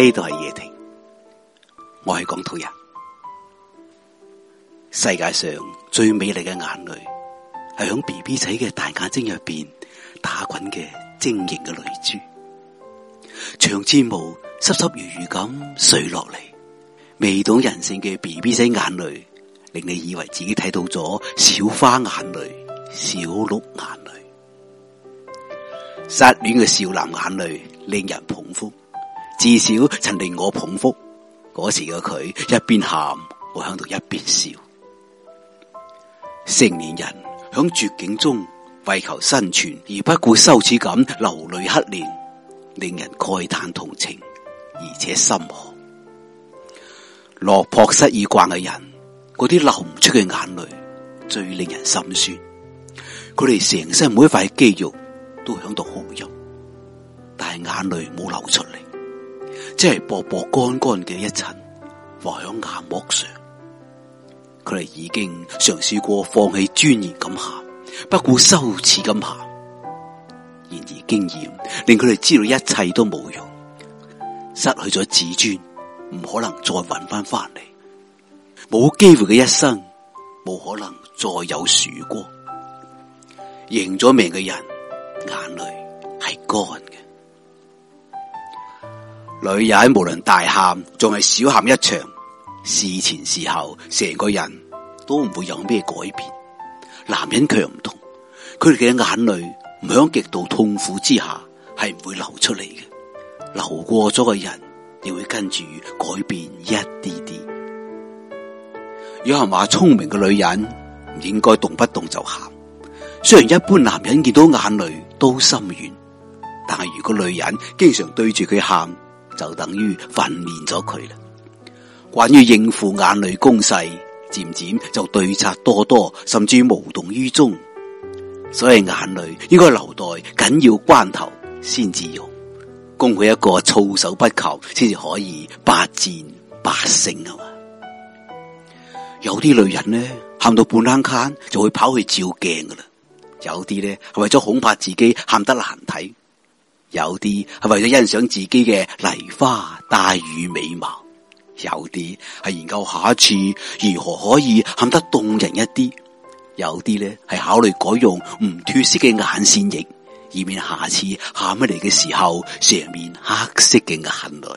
呢度係夜庭，我係港土人。世界上最美麗嘅眼淚，係響 B B 仔嘅大眼睛入邊打滾嘅晶瑩嘅淚珠，長睫毛濕濕如魚咁垂落嚟。未懂人性嘅 B B 仔眼淚，令你以為自己睇到咗小花眼淚、小鹿眼淚、失戀嘅少男眼淚，令人捧腹。至少曾令我捧腹。嗰時嘅佢一邊喊，我響度一邊笑。成年人響絕境中為求生存而不顧羞恥感流淚乞憐，令人慨嘆同情，而且心寒。落魄失意慣嘅人，啲流唔出嘅眼淚最令人心酸。佢哋成身每一塊肌肉都響度哭泣，但係眼淚冇流出。即係薄薄乾乾嘅一層，畫響眼膜上。佢哋已經嘗試過放棄尊嚴咁行，不顧羞恥咁行。然而經驗令佢哋知道一切都冇用，失去咗自尊，唔可能再搵翻翻嚟。冇機會嘅一生，冇可能再有曙光。認咗命嘅人，眼淚係乾。女人無論大喊仲係小喊一場，事前事後成個人都唔會有咩改變。男人卻唔同，佢哋嘅眼淚唔響極度痛苦之下係唔會流出嚟嘅，流過咗嘅人亦會跟住改變一啲啲。有人話聰明嘅女人唔應該動不動就喊，雖然一般男人見到眼淚都心軟，但係如果女人經常對住佢喊。就等於訓練咗佢啦。關於應付眼淚攻勢，漸漸就對策多多，甚至無動於衷。所以眼淚應該留待緊要關頭先至用，供佢一個措手不及，先至可以百戰百勝啊！有啲女人呢，喊到半冷坑就會跑去照鏡噶啦。有啲呢，係為咗恐怕自己喊得難睇。有啲係為咗欣賞自己嘅梨花帶雨美貌，有啲係研究下一次如何可以喊得動人一啲，有啲咧係考慮改用唔脫色嘅眼線液，以免下次喊起嚟嘅時候成面黑色嘅眼淚。